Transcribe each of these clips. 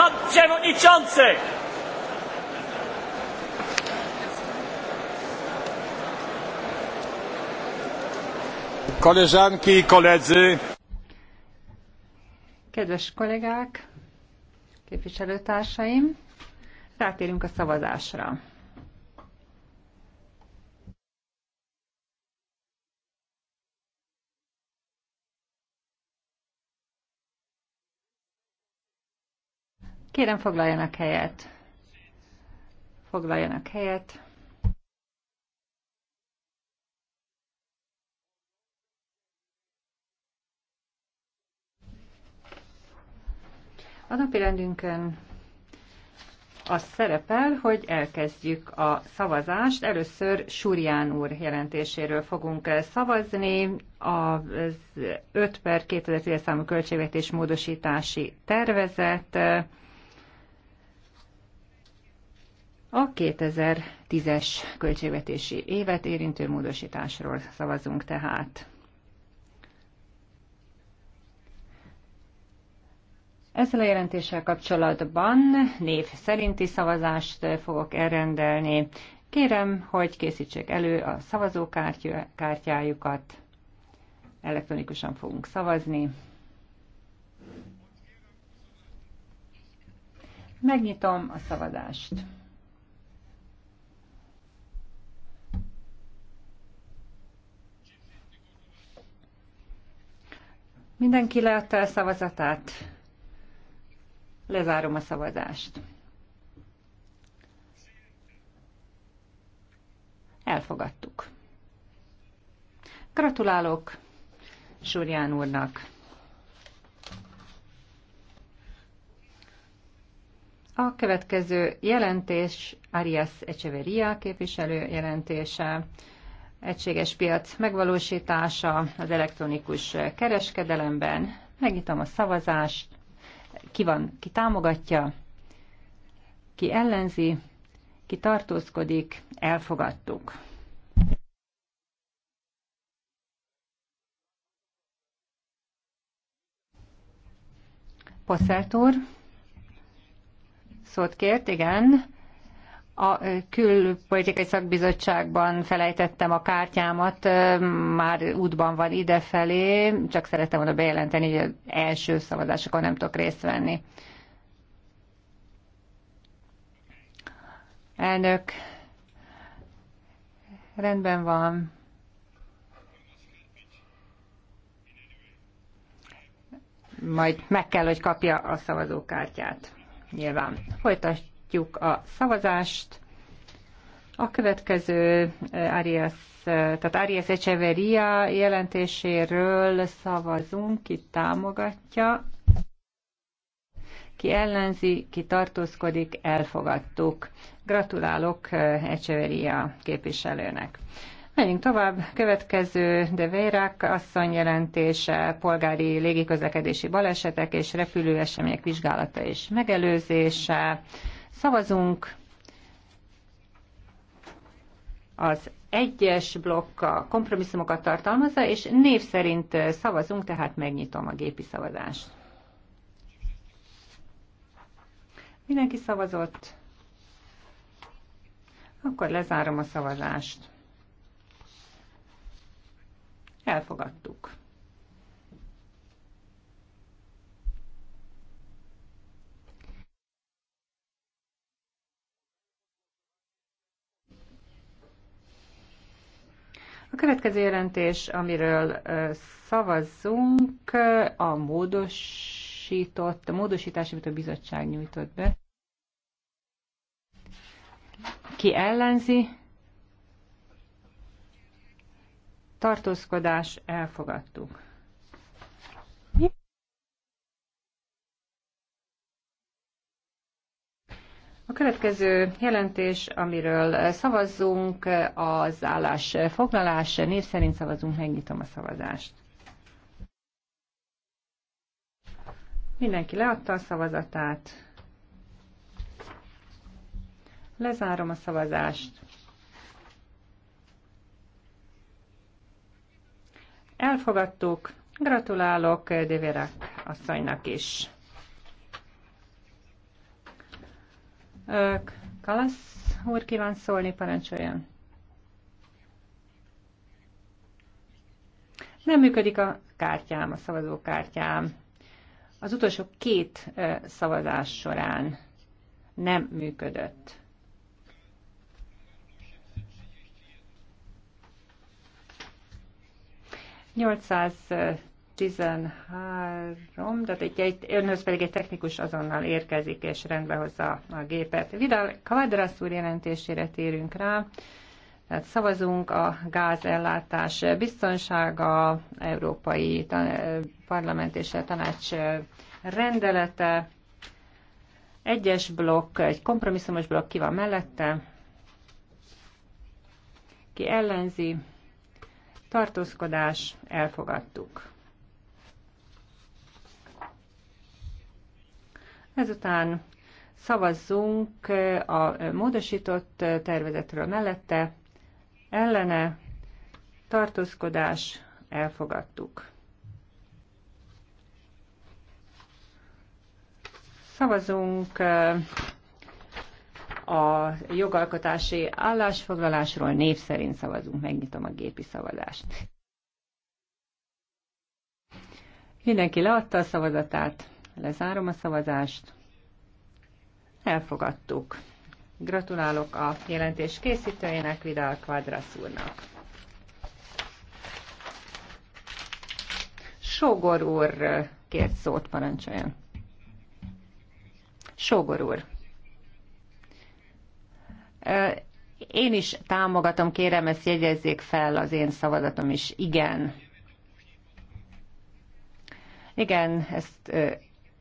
Pan Przewodniczący! Koleżanki i koledzy! Kedves kollégák, képviselőtársaim, rátérünk a szavazásra. Kérem, foglaljanak helyet. Foglaljanak helyet. A napi rendünkön az szerepel, hogy elkezdjük a szavazást. Először Surján úr jelentéséről fogunk szavazni az 5 per 2010 számú költségvetés módosítási tervezet a 2010-es költségvetési évet érintő módosításról szavazunk tehát. Ezzel a jelentéssel kapcsolatban név szerinti szavazást fogok elrendelni. Kérem, hogy készítsék elő a szavazókártyájukat. Elektronikusan fogunk szavazni. Megnyitom a szavazást. Mindenki leadta a szavazatát. Lezárom a szavazást. Elfogadtuk. Gratulálok Súrján úrnak. A következő jelentés Arias Echeveria képviselő jelentése egységes piac megvalósítása az elektronikus kereskedelemben. Megnyitom a szavazást, ki van, ki támogatja, ki ellenzi, ki tartózkodik, elfogadtuk. Posselt úr, szót kért, igen a külpolitikai szakbizottságban felejtettem a kártyámat, már útban van idefelé, csak szerettem volna bejelenteni, hogy az első szavazásokon nem tudok részt venni. Elnök, rendben van. Majd meg kell, hogy kapja a szavazókártyát. Nyilván. Folytasd nyitjuk a szavazást. A következő eh, Arias, eh, tehát Arias Echeveria jelentéséről szavazunk, ki támogatja, ki ellenzi, ki tartózkodik, elfogadtuk. Gratulálok eh, Echeveria képviselőnek. Menjünk tovább. Következő de Vérák asszony jelentése, polgári légiközlekedési balesetek és repülőesemények vizsgálata és megelőzése. Szavazunk az egyes blokk a kompromisszumokat tartalmazza, és név szerint szavazunk, tehát megnyitom a gépi szavazást. Mindenki szavazott? Akkor lezárom a szavazást. Elfogadtuk. következő jelentés, amiről szavazzunk, a módosított, a módosítás, amit a bizottság nyújtott be. Ki ellenzi? Tartózkodás elfogadtuk. A következő jelentés, amiről szavazzunk, az állásfoglalás. Név szerint szavazunk, megnyitom a szavazást. Mindenki leadta a szavazatát. Lezárom a szavazást. Elfogadtuk. Gratulálok Deverak asszonynak is. Kalasz úr kíván szólni, parancsoljon. Nem működik a kártyám, a szavazókártyám. Az utolsó két szavazás során nem működött. Nyolcszáz 13, tehát egy, egy, önhöz pedig egy technikus azonnal érkezik és rendbe hozza a gépet. Vidal Kavadrasz úr jelentésére térünk rá. Tehát szavazunk a gázellátás biztonsága, Európai Parlament és a Tanács rendelete, egyes blokk, egy kompromisszumos blokk ki van mellette, ki ellenzi, tartózkodás, elfogadtuk. Ezután szavazzunk eh, a eh, módosított eh, tervezetről mellette, ellene, tartózkodás, elfogadtuk. Szavazunk a jogalkotási állásfoglalásról név szerint szavazunk. Megnyitom a gépi szavazást. Mindenki leadta a szavazatát. Lezárom a szavazást. Elfogadtuk. Gratulálok a jelentés készítőjének, Vidal Quadrasz úrnak. Sógor úr kért szót, parancsoljon. Sógor úr. Én is támogatom, kérem, ezt jegyezzék fel, az én szavazatom is igen. Igen, ezt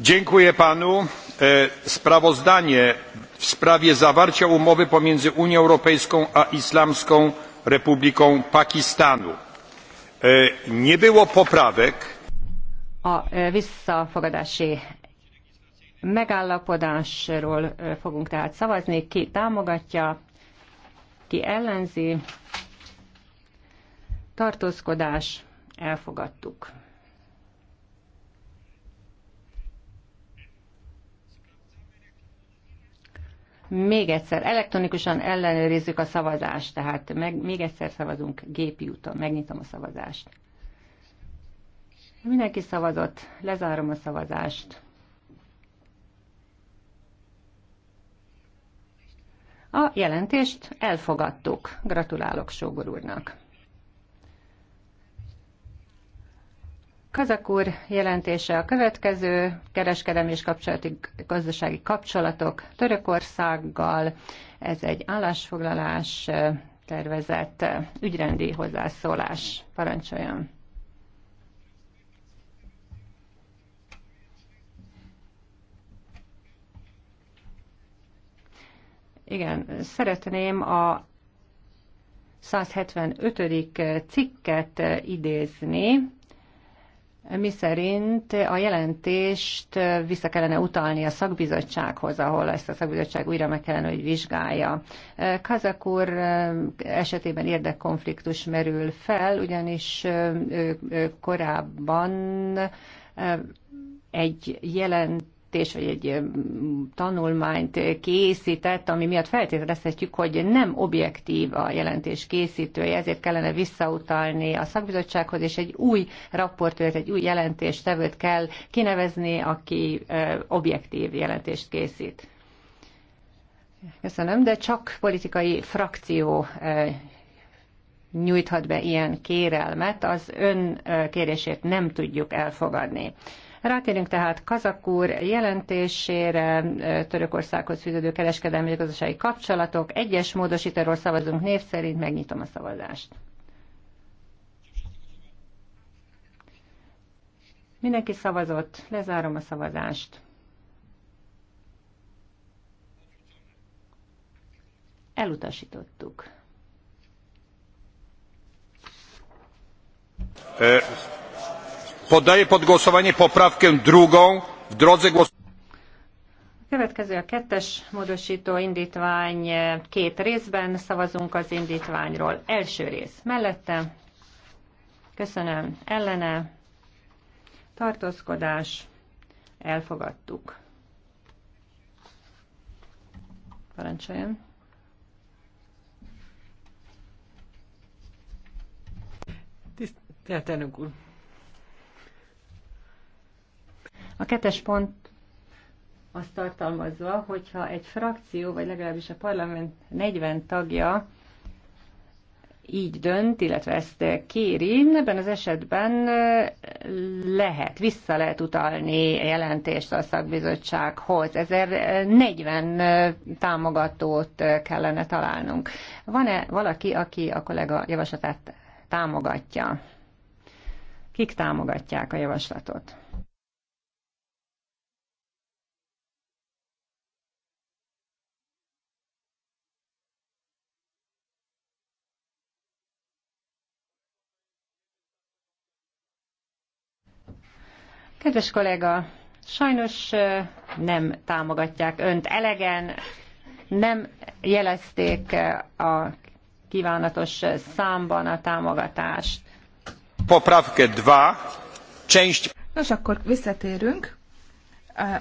Dziękuję panu. E, sprawozdanie w sprawie zawarcia umowy pomiędzy Unią Europejską a Islamską Republiką Pakistanu. E, nie było poprawek. A e, visszafogadási megállapodásról fogunk tehát szavazni. Ki támogatja, ki ellenzi. Tartózkodás, elfogadtuk. Még egyszer, elektronikusan ellenőrizzük a szavazást, tehát meg, még egyszer szavazunk gépi úton. Megnyitom a szavazást. Mindenki szavazott, lezárom a szavazást. A jelentést elfogadtuk. Gratulálok Sógor úrnak. Kazak úr jelentése a következő, kereskedelmi és kapcsolati, gazdasági kapcsolatok Törökországgal. Ez egy állásfoglalás tervezett ügyrendi hozzászólás. Parancsoljon! Igen, szeretném a 175. cikket idézni, mi szerint a jelentést vissza kellene utalni a szakbizottsághoz, ahol ezt a szakbizottság újra meg kellene, hogy vizsgálja. Kazak úr esetében érdekkonfliktus merül fel, ugyanis ő korábban egy jelent jelentés, vagy egy tanulmányt készített, ami miatt feltételezhetjük, hogy nem objektív a jelentés készítője, ezért kellene visszautalni a szakbizottsághoz, és egy új raportőrt, egy új jelentéstevőt kell kinevezni, aki objektív jelentést készít. Köszönöm, de csak politikai frakció nyújthat be ilyen kérelmet, az ön kérését nem tudjuk elfogadni. Rátérünk tehát Kazakúr jelentésére, Törökországhoz fűződő kereskedelmi és gazdasági kapcsolatok. Egyes módosítóról szavazunk név szerint, megnyitom a szavazást. Mindenki szavazott, lezárom a szavazást. Elutasítottuk. Uh. Podaję pod głosowanie poprawkę drugą w drodze Következő a kettes módosító indítvány eh, két részben. Szavazunk az indítványról. Első rész mellette. Köszönöm. Ellene. Tartózkodás. Elfogadtuk. Parancsoljon. Tisztelt elnök úr! A kettes pont azt tartalmazza, hogyha egy frakció, vagy legalábbis a parlament 40 tagja így dönt, illetve ezt kéri, ebben az esetben eh, lehet, vissza lehet utalni jelentést a szakbizottsághoz. Ezért 40 eh, eh, támogatót kellene találnunk. Van-e valaki, aki a kollega javaslatát támogatja? Kik támogatják a javaslatot? Kedves kollega, sajnos nem támogatják önt elegen, nem jelezték a kívánatos számban a támogatást. Poprawkę 2, część... Nos, akkor visszatérünk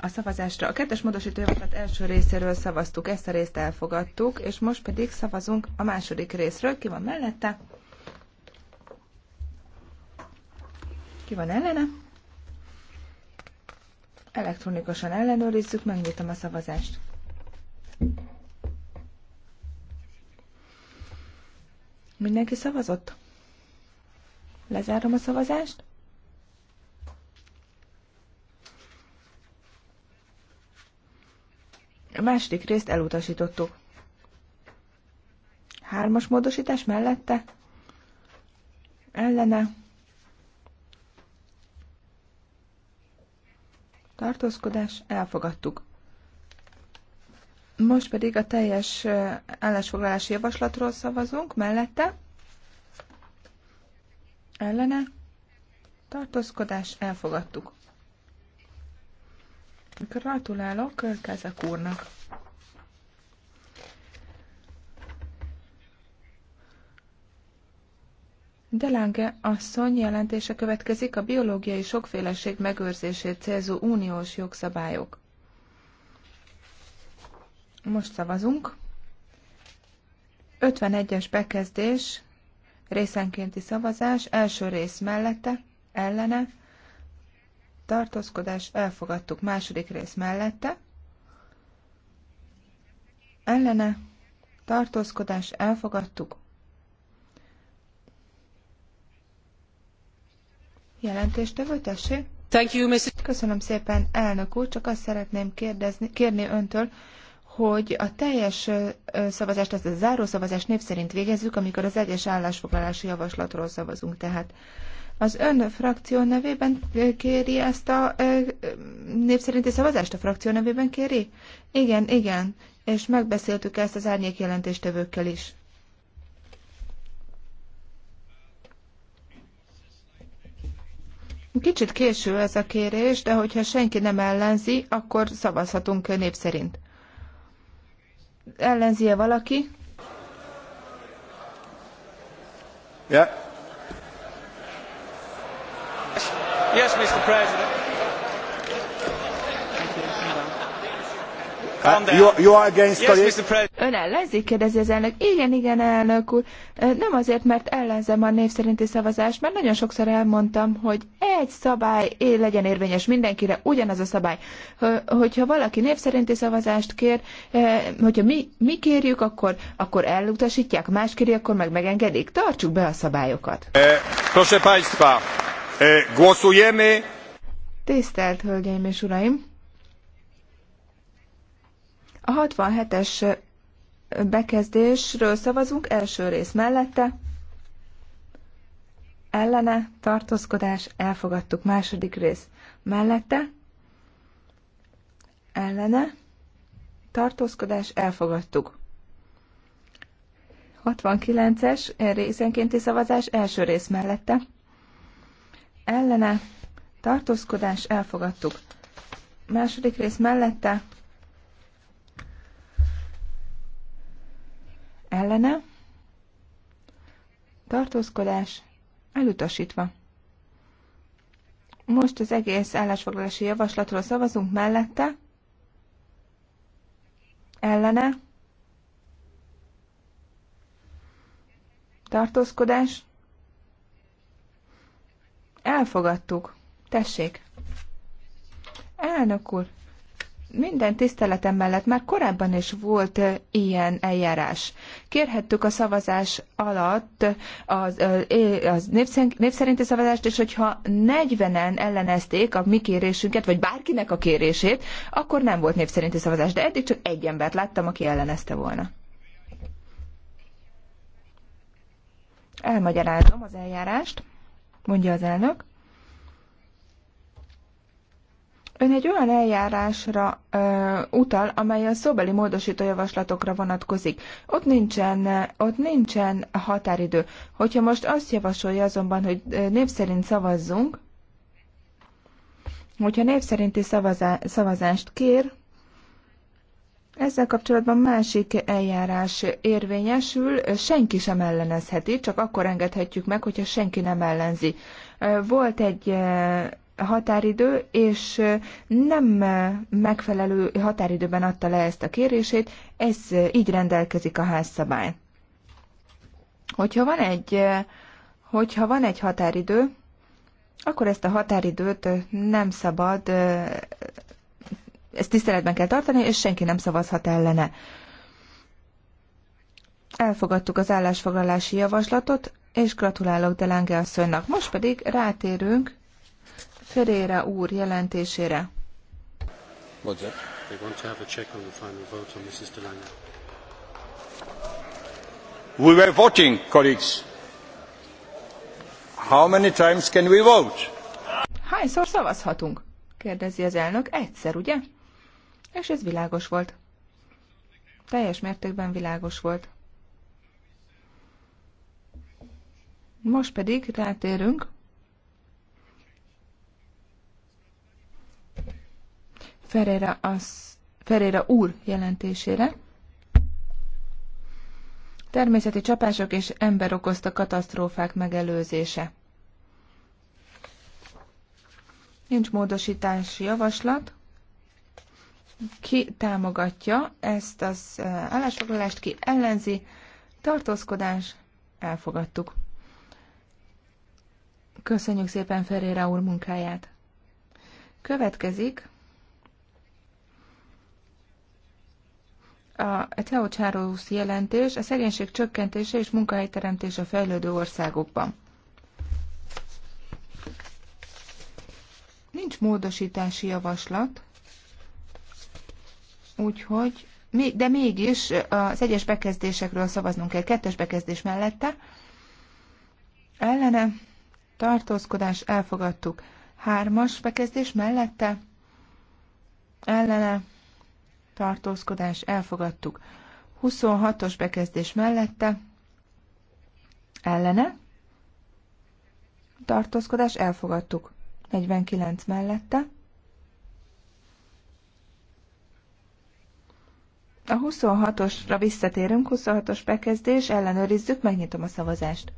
a szavazásra. A kettes módosító javaslat első részéről szavaztuk, ezt a részt elfogadtuk, és most pedig szavazunk a második részről. Ki van mellette? Ki van ellene? elektronikusan ellenőrizzük, megnyitom a szavazást. Mindenki szavazott? Lezárom a szavazást. A második részt elutasítottuk. Hármas módosítás mellette? Ellene? tartózkodás, elfogadtuk. Most pedig a teljes állásfoglalási javaslatról szavazunk, mellette, ellene, tartózkodás, elfogadtuk. Gratulálok Kezek úrnak! Delange asszony jelentése következik a biológiai sokféleség megőrzését célzó uniós jogszabályok. Most szavazunk. 51-es bekezdés, részenkénti szavazás, első rész mellette, ellene, tartózkodás, elfogadtuk második rész mellette, ellene, tartózkodás, elfogadtuk Jelentéstevő, tessék. Thank you, Mr. Köszönöm szépen, elnök úr. Csak azt szeretném kérdezni, kérni öntől, hogy a teljes szavazást, ezt a zárószavazást név szerint végezzük, amikor az egyes állásfoglalási javaslatról szavazunk. Tehát az ön frakció nevében kéri ezt a népszerinti szavazást? A frakció nevében kéri? Igen, igen, és megbeszéltük ezt az árnyék jelentéstevőkkel is. Kicsit késő ez a kérés, de hogyha senki nem ellenzi, akkor szavazhatunk nép szerint. Ellenzi-e valaki? Yeah. Yes, Mr. President. Uh, you, you are against yes, Mr. President ön ellenzik? kérdezi az elnök. Igen, igen, elnök úr. Nem azért, mert ellenzem a név szerinti szavazást, mert nagyon sokszor elmondtam, hogy egy szabály legyen érvényes mindenkire, ugyanaz a szabály. Hogyha valaki név szerinti szavazást kér, hogyha mi, mi kérjük, akkor, akkor elutasítják, más kéri, akkor meg megengedik. Tartsuk be a szabályokat. E, proszę Państwa, e, głosujemy. Tisztelt Hölgyeim és Uraim! A 67-es bekezdésről szavazunk, első rész mellette, ellene, tartózkodás, elfogadtuk, második rész mellette, ellene, tartózkodás, elfogadtuk. 69-es részenkénti szavazás első rész mellette. Ellene tartózkodás elfogadtuk. Második rész mellette ellene, tartózkodás elutasítva. Most az egész állásfoglalási javaslatról szavazunk mellette, ellene, tartózkodás, elfogadtuk. Tessék! Elnök úr, minden tiszteletem mellett már korábban is volt ilyen eljárás. Kérhettük a szavazás alatt az, az népszerinti szavazást, és hogyha 40-en ellenezték a mi kérésünket, vagy bárkinek a kérését, akkor nem volt népszerinti szavazás. De eddig csak egy embert láttam, aki ellenezte volna. Elmagyarázom az eljárást, mondja az elnök. Ön egy olyan eljárásra ö, utal, amely a szóbeli módosító javaslatokra vonatkozik. Ott nincsen, ott nincsen határidő. Hogyha most azt javasolja azonban, hogy név szerint szavazzunk, hogyha név szerinti szavazá, szavazást kér, ezzel kapcsolatban másik eljárás érvényesül, senki sem ellenezheti, csak akkor engedhetjük meg, hogyha senki nem ellenzi. Volt egy határidő, és nem megfelelő határidőben adta le ezt a kérését, ez így rendelkezik a házszabály. Hogyha van egy, hogyha van egy határidő, akkor ezt a határidőt nem szabad, ezt tiszteletben kell tartani, és senki nem szavazhat ellene. Elfogadtuk az állásfoglalási javaslatot, és gratulálok Delange asszonynak. Most pedig rátérünk Ferreira úr jelentésére. We were voting, colleagues. How many times can we vote? Hányszor szavazhatunk? kérdezi az elnök. Egyszer, ugye? És ez világos volt. Teljes mértékben világos volt. Most pedig rátérünk Ferreira, az, Ferreira úr jelentésére. Természeti csapások és ember okozta katasztrófák megelőzése. Nincs módosítási javaslat. Ki támogatja ezt az állásfoglalást, ki ellenzi? Tartózkodás. Elfogadtuk. Köszönjük szépen Ferreira úr munkáját. Következik a Teocsárusz jelentés a szegénység csökkentése és munkahelyteremtése a fejlődő országokban. Nincs módosítási javaslat, úgyhogy, de mégis az egyes bekezdésekről szavaznunk kell, kettes bekezdés mellette. Ellene tartózkodás elfogadtuk. Hármas bekezdés mellette. Ellene tartózkodás elfogadtuk. 26-os bekezdés mellette ellene tartózkodás elfogadtuk. 49 mellette. A 26-osra visszatérünk, 26-os bekezdés, ellenőrizzük, megnyitom a szavazást.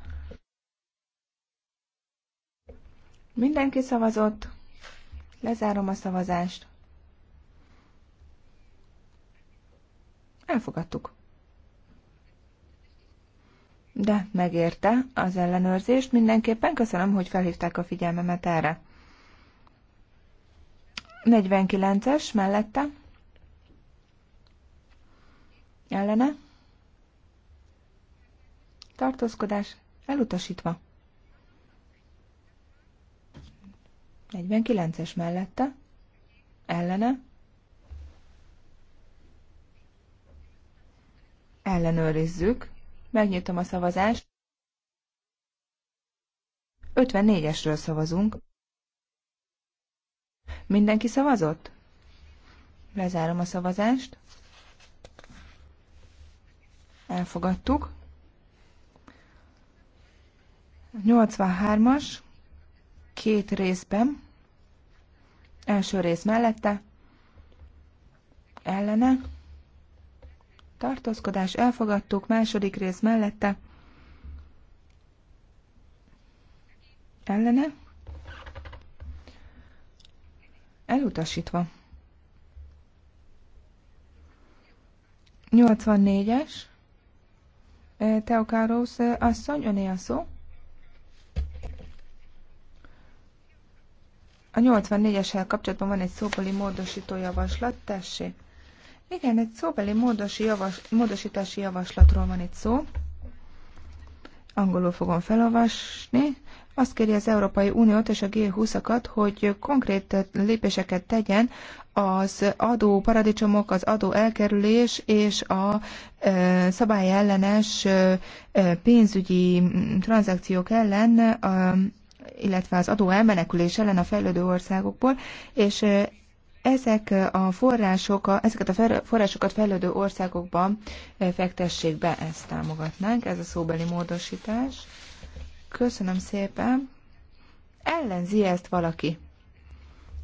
Mindenki szavazott, lezárom a szavazást. Elfogadtuk. De megérte az ellenőrzést, mindenképpen köszönöm, hogy felhívták a figyelmemet erre. 49-es mellette. Ellene. Tartózkodás elutasítva. 49-es mellette. Ellene. ellenőrizzük. Megnyitom a szavazást. 54-esről szavazunk. Mindenki szavazott? Lezárom a szavazást. Elfogadtuk. 83-as, két részben, első rész mellette, ellene, tartózkodás elfogadtuk, második rész mellette, ellene, elutasítva. 84-es, eh, Teokáros eh, asszony, öné a szó. A 84-essel kapcsolatban van egy szóbeli módosító javaslat, tessék. Igen, egy szóbeli módosi javas, módosítási javaslatról van itt szó. Angolul fogom felolvasni. Azt kéri az Európai Uniót és a G20-akat, hogy konkrét lépéseket tegyen az adó paradicsomok, az adó elkerülés és a e, szabályellenes e, e pénzügyi tranzakciók ellen, a, illetve az adó elmenekülés ellen a fejlődő országokból, és e, ezek a források, ezeket a forrásokat fejlődő országokban e, fektessék be, ezt támogatnánk, ez a szóbeli módosítás. Köszönöm szépen. Ellenzi ezt valaki?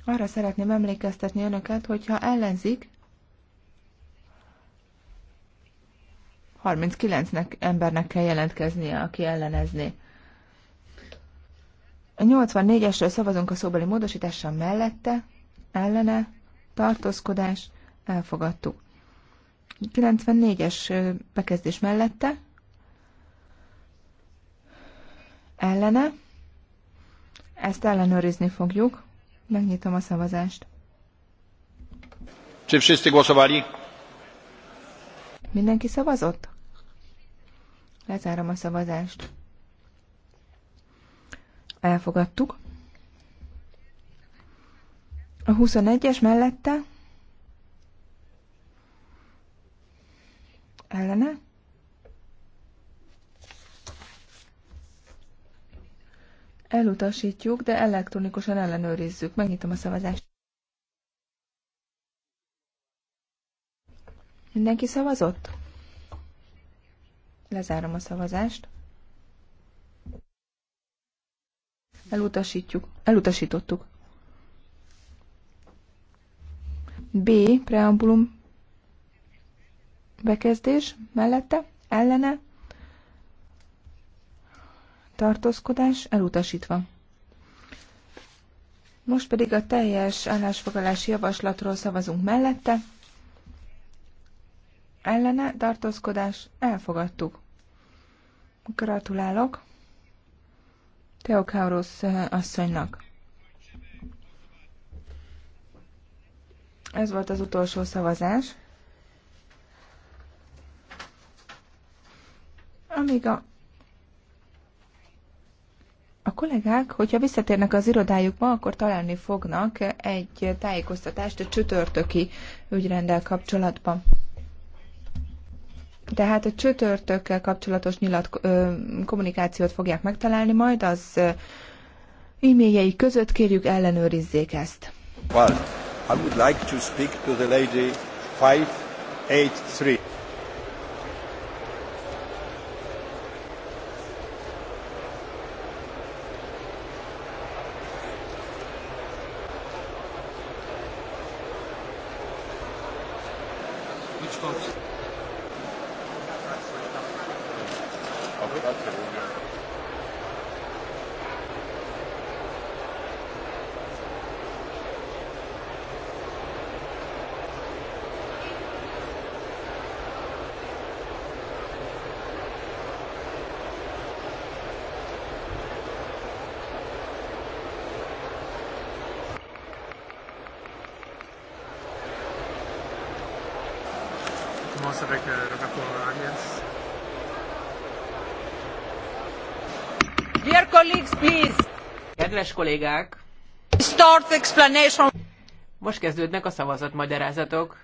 Arra szeretném emlékeztetni önöket, hogyha ellenzik, 39 embernek kell jelentkeznie, aki ellenezné. A 84-esről szavazunk a szóbeli módosítással mellette, ellene, tartózkodás, elfogadtuk. 94-es bekezdés mellette, ellene, ezt ellenőrizni fogjuk, megnyitom a szavazást. Czy wszyscy głosowali? Mindenki szavazott? Lezárom a szavazást. Elfogadtuk. A 21-es mellette. Ellene. Elutasítjuk, de elektronikusan ellenőrizzük. Megnyitom a szavazást. Mindenki szavazott? Lezárom a szavazást. Elutasítjuk. Elutasítottuk. B. Preambulum bekezdés mellette, ellene, tartózkodás elutasítva. Most pedig a teljes állásfoglalási javaslatról szavazunk mellette. Ellene tartózkodás elfogadtuk. Gratulálok Teokáurosz asszonynak. Ez volt az utolsó szavazás. Amíg a a kollégák, hogyha visszatérnek az irodájukba, akkor találni fognak egy tájékoztatást a csütörtöki ügyrendel kapcsolatban. Tehát a csütörtökkel kapcsolatos nyilat, ö, kommunikációt fogják megtalálni, majd az e-mailjeik között kérjük ellenőrizzék ezt. Well. I would like to speak to the lady 583. Which box? Oh, Kedves kollégák! Start explanation. Most kezdődnek a szavazatmagyarázatok.